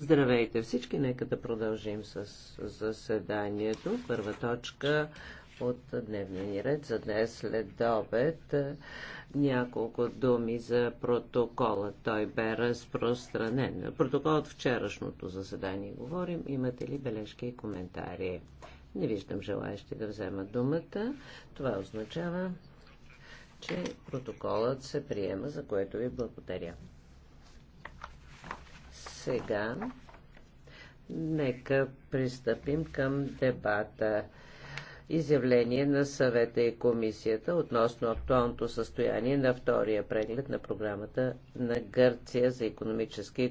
Здравейте всички, нека да продължим с заседанието. Първа точка от дневния ни ред за днес след обед. Няколко думи за протокола. Той бе разпространен. Протокол от вчерашното заседание говорим. Имате ли бележки и коментари? Не виждам желаящи да вземат думата. Това означава, че протоколът се приема, за което ви благодаря. Сега нека пристъпим към дебата. Изявление на съвета и комисията относно актуалното състояние на втория преглед на програмата на Гърция за економически и